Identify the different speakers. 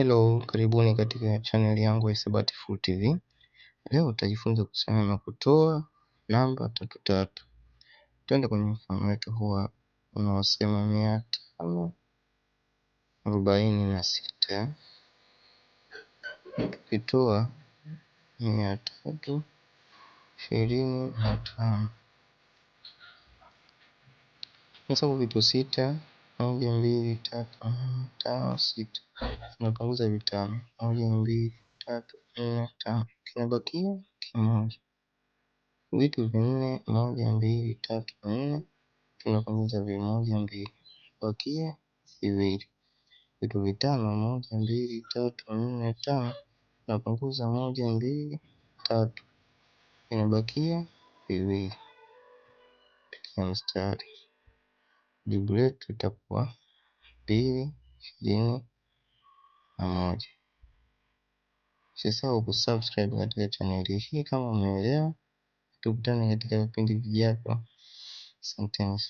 Speaker 1: Hello, karibuni katika channel yangu ya Hisabati Full TV. Leo utajifunza kusema na kutoa namba tatu tatu. Twende kwenye mfano wetu huwa unaosema mia tano arobaini na sita ukitoa mia tatu ishirini na tano hesabu vitu sita moja, mbili, tatu, nne, ah, tano, sita. Tunapunguza vitano. Moja, mbili, tatu, nne, tano. Kinabakia kimoja. Vitu vinne, moja, mbili, tatu, nne. Tunapunguza vimoja, mbili. Bakia viwili. Vitu vitano, moja, mbili, tatu, nne, tano. Tunapunguza moja, mbili, tatu. Inabakia viwili. Piga mstari jibu letu itakuwa mbili ishirini na moja. Usisahau kusubscribe katika chaneli hii kama umeelewa. Tukutane katika vipindi vijavyo. Asanteni.